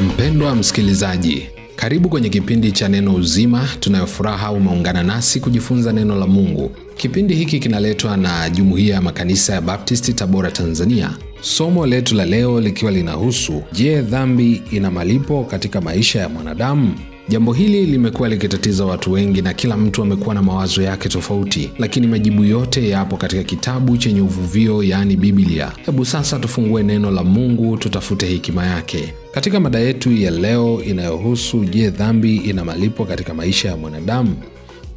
Mpendwa msikilizaji, karibu kwenye kipindi cha Neno Uzima. Tunayofuraha umeungana nasi kujifunza neno la Mungu. Kipindi hiki kinaletwa na Jumuiya ya Makanisa ya Baptisti, Tabora, Tanzania. Somo letu la leo likiwa linahusu je, dhambi ina malipo katika maisha ya mwanadamu? Jambo hili limekuwa likitatiza watu wengi na kila mtu amekuwa na mawazo yake tofauti, lakini majibu yote yapo katika kitabu chenye uvuvio, yaani Biblia. Hebu sasa tufungue neno la Mungu, tutafute hekima yake. Katika mada yetu ya leo inayohusu je, dhambi ina malipo katika maisha ya mwanadamu?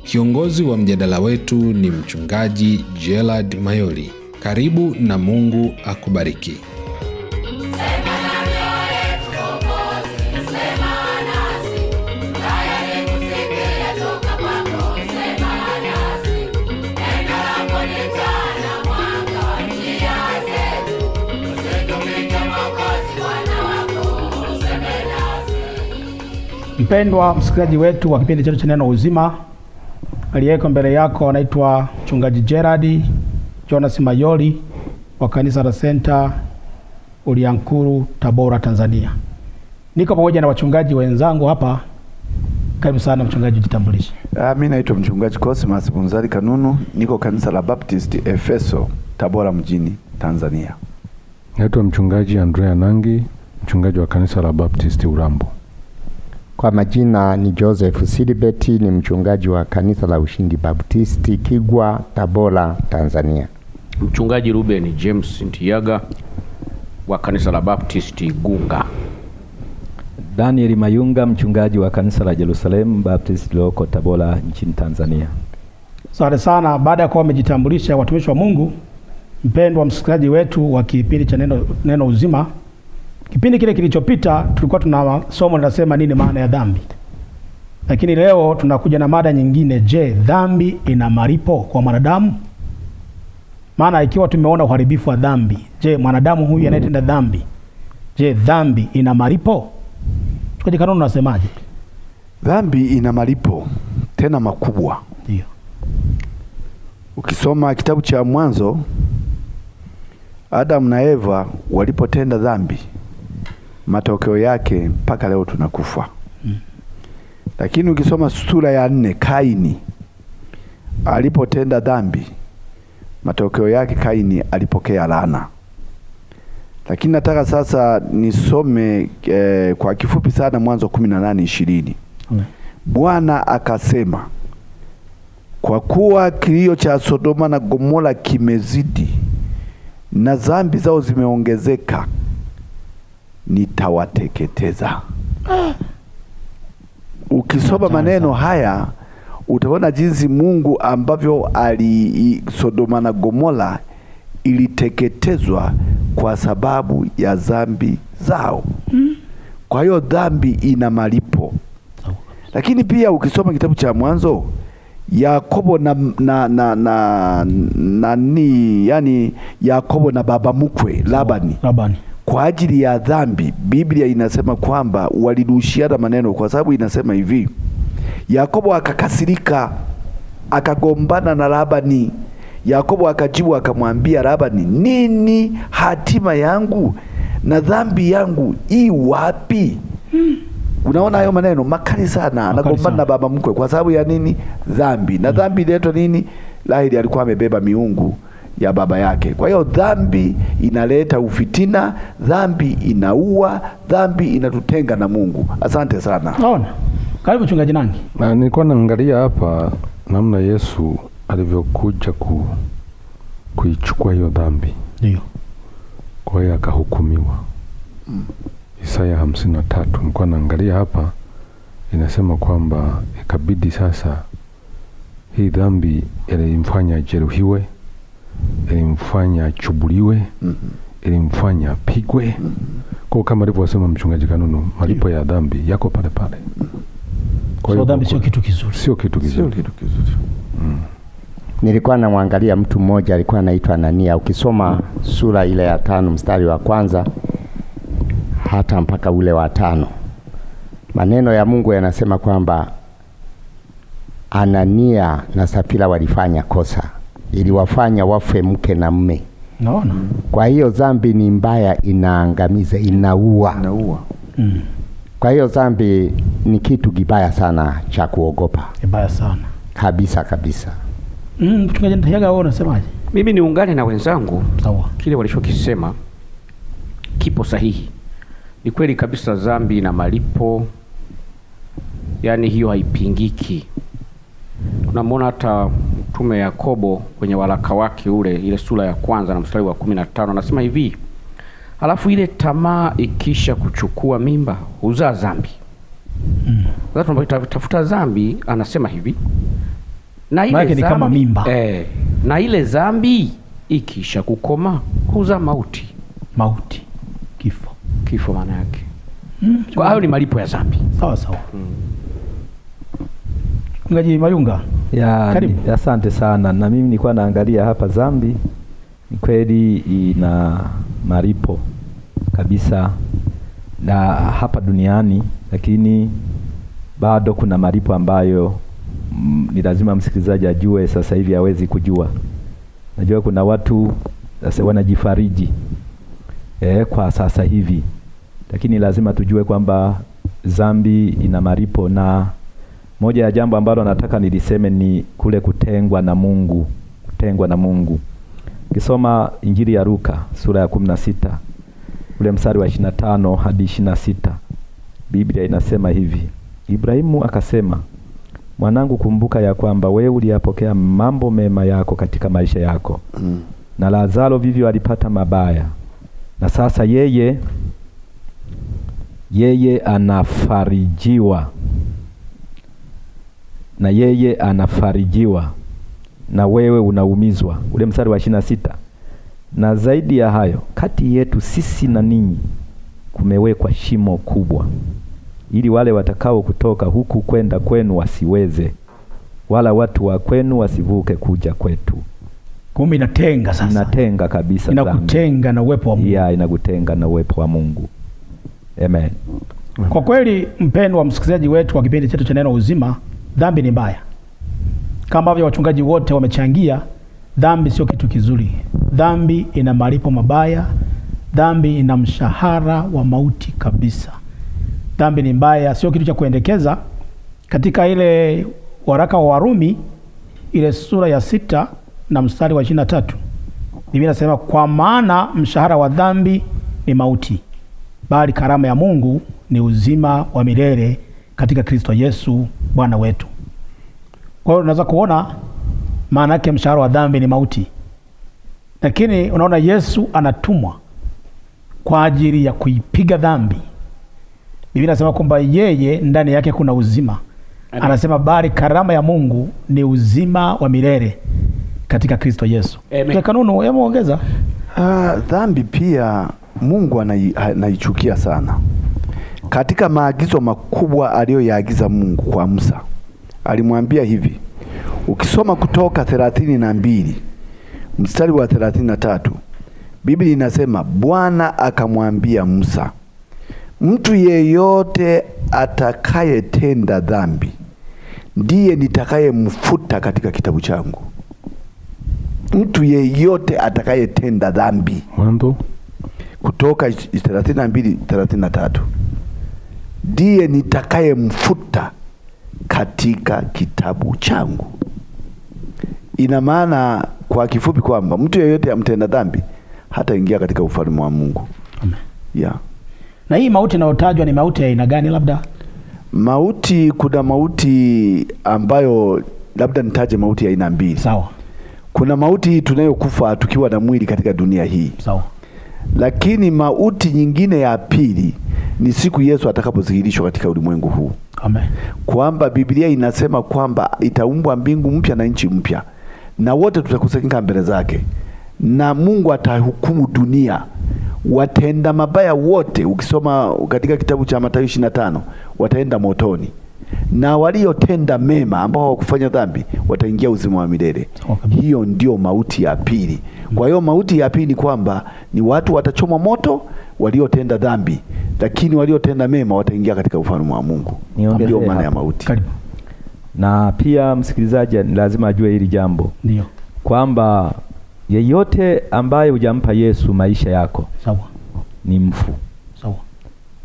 Kiongozi wa mjadala wetu ni mchungaji Gerald Mayori. Karibu na Mungu akubariki. Mpendwa msikilizaji wetu wa kipindi chetu cha Neno Uzima, aliyeko mbele yako anaitwa Mchungaji Gerard Jonas Mayoli wa kanisa la Center Uliankuru, Tabora, Tanzania. Niko pamoja na wachungaji wenzangu hapa. Karibu sana mchungaji, jitambulishe. Uh, ah, mimi naitwa mchungaji Cosmas Bunzali Kanunu, niko kanisa la Baptist Efeso, Tabora mjini, Tanzania. Naitwa mchungaji Andrea Nangi, mchungaji wa kanisa la Baptist Urambo. Kwa majina ni Joseph Silibeti, ni mchungaji wa kanisa la Ushindi Baptisti Kigwa, Tabora, Tanzania. Mchungaji Ruben James Ntiyaga wa kanisa la Baptisti gunga Daniel Mayunga, mchungaji wa kanisa la Jerusalem Baptist Loko Tabora nchini Tanzania. Asante sana. Baada ya kuwa wamejitambulisha watumishi wa Mungu, mpendwa msikilizaji wetu wa kipindi cha neno, neno uzima Kipindi kile kilichopita tulikuwa tuna somo linasema nini maana ya dhambi, lakini leo tunakuja na mada nyingine. Je, dhambi ina malipo kwa mwanadamu? Maana ikiwa tumeona uharibifu wa dhambi, je, mwanadamu huyu anayetenda dhambi, je, dhambi ina malipo? Tukaje kanuni unasemaje? Dhambi ina malipo tena makubwa. Ndio. Ukisoma kitabu cha Mwanzo, Adamu na Eva walipotenda dhambi matokeo yake mpaka leo tunakufa. Mm. Lakini ukisoma sura ya nne, Kaini alipotenda dhambi, matokeo yake Kaini alipokea laana. Lakini nataka sasa nisome eh, kwa kifupi sana Mwanzo kumi na nane ishirini. Mm. Bwana akasema, kwa kuwa kilio cha Sodoma na Gomora kimezidi na dhambi zao zimeongezeka nitawateketeza. Ukisoma maneno haya utaona jinsi Mungu ambavyo ali Sodoma na Gomora iliteketezwa kwa sababu ya dhambi zao. Hmm? Kwa hiyo dhambi ina malipo, lakini pia ukisoma kitabu cha Mwanzo Yakobo na na na na nani, yani Yakobo na baba mkwe Labani, Labani kwa ajili ya dhambi, Biblia inasema kwamba walidushiana maneno, kwa sababu inasema hivi, Yakobo akakasirika akagombana na Labani. Yakobo akajibu akamwambia Labani, nini hatima yangu na dhambi yangu ii wapi? hmm. Unaona hayo maneno makali sana, anagombana na baba mkwe kwa sababu ya nini? Dhambi na hmm. dhambi iletwa nini? Lahili alikuwa amebeba miungu ya baba yake. Kwa hiyo dhambi inaleta ufitina, dhambi inaua, dhambi inatutenga na Mungu. Asante sana. Naona. Karibu mchungaji Nangi. Na nilikuwa naangalia hapa namna Yesu alivyokuja ku kuichukua hiyo dhambi. Ndio. Kwa hiyo akahukumiwa. Mm. Isaya hamsini na tatu nilikuwa naangalia hapa inasema kwamba ikabidi sasa hii dhambi ilimfanya ajeruhiwe ilimfanya achubuliwe mhm. ilimfanya apigwe mm kwa kama alivyosema mchungaji Kanunu, malipo ya dhambi yako pale pale. Kwa hiyo dhambi sio kitu kizuri, sio kitu kizuri, mm. Nilikuwa namwangalia mtu mmoja alikuwa anaitwa Anania. Ukisoma sura ile ya tano mstari wa kwanza hata mpaka ule wa tano maneno ya Mungu yanasema kwamba Anania na Safira walifanya kosa iliwafanya wafe mke na mme. Naona. Kwa hiyo dhambi ni mbaya, inaangamiza, inaua, inaua. Mm. Kwa hiyo dhambi ni kitu kibaya sana cha kuogopa, kibaya sana kabisa kabisa. Mm, unasemaje? Mimi niungane na wenzangu sawa, kile walichokisema kipo sahihi. Ni kweli kabisa, dhambi na malipo, yaani hiyo haipingiki. Tunamwona hata Tume yakobo kwenye waraka wake ule, ile sura ya kwanza na mstari wa kumi na tano anasema hivi, alafu ile tamaa ikisha kuchukua mimba huzaa dhambi. Mm. zambi dhambi, anasema hivi na ile zambi, ni kama mimba eh, na ile dhambi ikiisha kukoma huzaa mauti. Mauti, kifo, kifo maana yake mm, kwa hayo ni malipo ya dhambi. Sawa sawa. Mm. Mchungaji Mayunga. Ya, Karibu. Asante sana na mimi nilikuwa naangalia hapa dhambi ni kweli ina maripo kabisa na hapa duniani, lakini bado kuna maripo ambayo mm, ni lazima msikilizaji ajue. Sasa hivi hawezi kujua. Najua kuna watu sasa wanajifariji e, kwa sasa hivi, lakini lazima tujue kwamba dhambi ina maripo na moja ya jambo ambalo nataka niliseme ni kule kutengwa na Mungu, kutengwa na Mungu. kisoma Injili ya Luka sura ya kumi na sita ule mstari wa ishirini na tano hadi ishirini na sita Biblia inasema hivi: Ibrahimu akasema, mwanangu, kumbuka ya kwamba wewe uliyapokea mambo mema yako katika maisha yako mm. na Lazaro vivyo alipata mabaya, na sasa yeye yeye anafarijiwa na yeye anafarijiwa na wewe unaumizwa, ule mstari wa ishirini na sita. Na zaidi ya hayo, kati yetu sisi na ninyi kumewekwa shimo kubwa, ili wale watakao kutoka huku kwenda kwenu wasiweze, wala watu wa kwenu wasivuke kuja kwetu. Kumbe inatenga sasa, inatenga kabisa, inakutenga na uwepo wa Mungu. Yeah, inakutenga na uwepo wa Mungu. Amen. Kwa kweli, mpendwa msikilizaji wetu wa kipindi chetu cha Neno Uzima, Dhambi ni mbaya, kama ambavyo wachungaji wote wamechangia. Dhambi sio kitu kizuri. Dhambi ina malipo mabaya. Dhambi ina mshahara wa mauti kabisa. Dhambi ni mbaya, sio kitu cha kuendekeza. Katika ile waraka wa Warumi ile sura ya sita na mstari wa ishirini na tatu Biblia inasema, kwa maana mshahara wa dhambi ni mauti, bali karama ya Mungu ni uzima wa milele katika Kristo Yesu Bwana wetu. Kwa hiyo unaweza kuona maana yake mshahara wa dhambi ni mauti, lakini unaona Yesu anatumwa kwa ajili ya kuipiga dhambi. Biblia inasema kwamba yeye ndani yake kuna uzima Amen. Anasema bali karama ya Mungu ni uzima wa milele katika Kristo Yesu. Kanunu hebu ongeza. Uh, dhambi pia Mungu anaichukia sana katika maagizo makubwa aliyoyaagiza Mungu kwa Musa, alimwambia hivi. Ukisoma Kutoka thelathini na mbili mstari wa thelathini na tatu Biblia inasema Bwana akamwambia Musa, mtu yeyote atakayetenda dhambi ndiye nitakayemfuta katika kitabu changu. Mtu yeyote atakayetenda dhambi. Mwanzo Kutoka 32 33 ndiye nitakayemfuta katika kitabu changu. Ina maana kwa kifupi kwamba mtu yeyote amtenda dhambi hataingia katika ufalme wa Mungu. Amen. Yeah. Na hii mauti inayotajwa ni mauti ya aina gani? Labda mauti, kuna mauti ambayo labda nitaje mauti ya aina mbili. Sawa. Kuna mauti tunayokufa tukiwa na mwili katika dunia hii. Sawa. Lakini mauti nyingine ya pili ni siku Yesu atakapodhihirishwa katika ulimwengu huu. Amen. Kwamba Biblia inasema kwamba itaumbwa mbingu mpya na nchi mpya na wote tutakusanyika mbele zake, na Mungu atahukumu dunia watenda mabaya wote. Ukisoma katika kitabu cha Mathayo 25 wataenda motoni na waliotenda mema ambao hawakufanya dhambi wataingia uzima wa milele. Okay. Hiyo ndio mauti ya pili. Kwa hiyo mauti ya pili ni kwamba ni watu watachomwa moto waliotenda dhambi, lakini waliotenda mema wataingia katika ufalme wa Mungu. Ndio maana ya mauti. Karibu. Na pia msikilizaji lazima ajue hili jambo. Ndio. Kwamba yeyote ambaye hujampa Yesu maisha yako sawa, ni mfu sawa,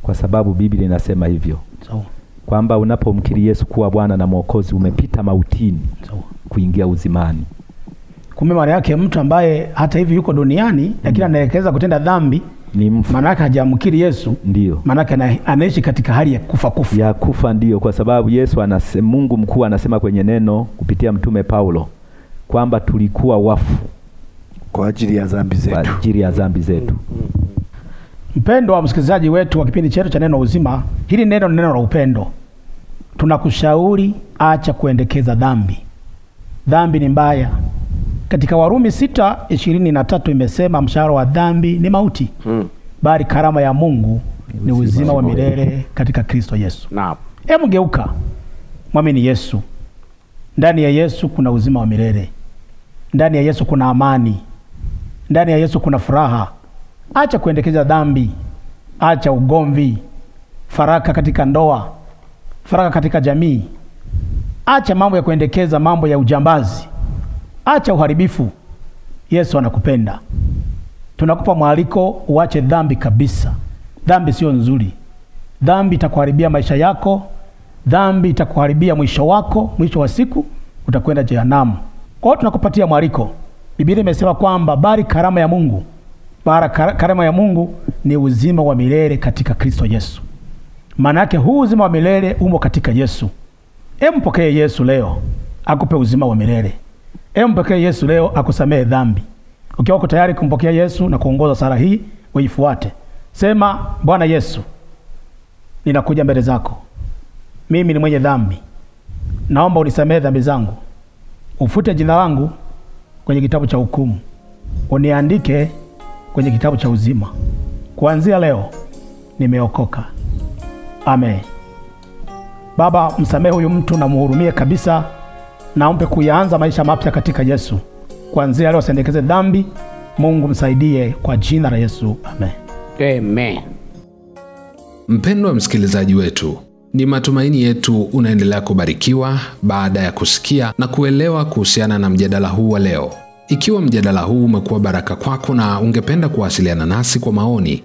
kwa sababu Biblia inasema hivyo sawa, kwamba unapomkiri Yesu kuwa Bwana na Mwokozi umepita mautini sawa, kuingia uzimani. Kumbe mara yake mtu ambaye hata hivi yuko duniani lakini mm, anaelekeza kutenda dhambi ni mfu. Maanake hajamkiri Yesu, ndio maanake anaishi katika hali ya kufa kufa ya kufa, ndio kwa sababu Yesu anasema, Mungu mkuu anasema kwenye neno kupitia mtume Paulo kwamba tulikuwa wafu kwa ajili ya dhambi zetu, kwa ajili ya dhambi zetu. Mpendo wa msikilizaji wetu wa kipindi chetu cha neno uzima, hili neno ni neno la upendo. Tunakushauri acha kuendekeza dhambi. Dhambi ni mbaya, katika Warumi sita ishirini na tatu imesema mshahara wa dhambi ni mauti hmm, bali karama ya Mungu ni uzima wa milele katika Kristo Yesu. Naam. Hebu geuka, mwamini Yesu. Ndani ya Yesu kuna uzima wa milele, ndani ya Yesu kuna amani, ndani ya Yesu kuna furaha. Acha kuendekeza dhambi, acha ugomvi, faraka katika ndoa, faraka katika jamii, acha mambo ya kuendekeza mambo ya ujambazi acha uharibifu. Yesu anakupenda. Tunakupa mwaliko uache dhambi kabisa. Dhambi sio nzuri. Dhambi itakuharibia maisha yako, dhambi itakuharibia mwisho wako. Mwisho wa siku utakwenda jehanamu. Kwa hiyo tunakupatia mwaliko. Biblia imesema kwamba bali karama ya Mungu, bara karama ya Mungu ni uzima wa milele katika Kristo Yesu. Maana yake huu uzima wa milele umo katika Yesu. Empokee Yesu leo akupe uzima wa milele. Hebu mpokee Yesu leo akusamehe dhambi. Ukiwa uko tayari kumpokea Yesu na kuongoza sala hii, uifuate. Sema, Bwana Yesu, ninakuja mbele zako, mimi ni mwenye dhambi, naomba unisamehe dhambi zangu, ufute jina langu kwenye kitabu cha hukumu, uniandike kwenye kitabu cha uzima. Kuanzia leo nimeokoka. Amen. Baba, msamehe huyu mtu na muhurumie kabisa naombe kuyaanza maisha mapya katika Yesu. Kuanzia leo usiendekeze dhambi. Mungu msaidie kwa jina la Yesu, amen. Amen. Mpendwa msikilizaji wetu, ni matumaini yetu unaendelea kubarikiwa baada ya kusikia na kuelewa kuhusiana na mjadala huu wa leo. Ikiwa mjadala huu umekuwa baraka kwako na ungependa kuwasiliana nasi kwa maoni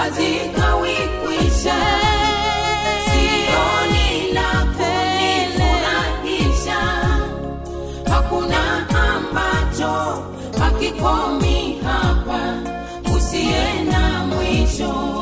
hazikawi kwisha hakuna ambacho hakikomi hapa usiye na mwisho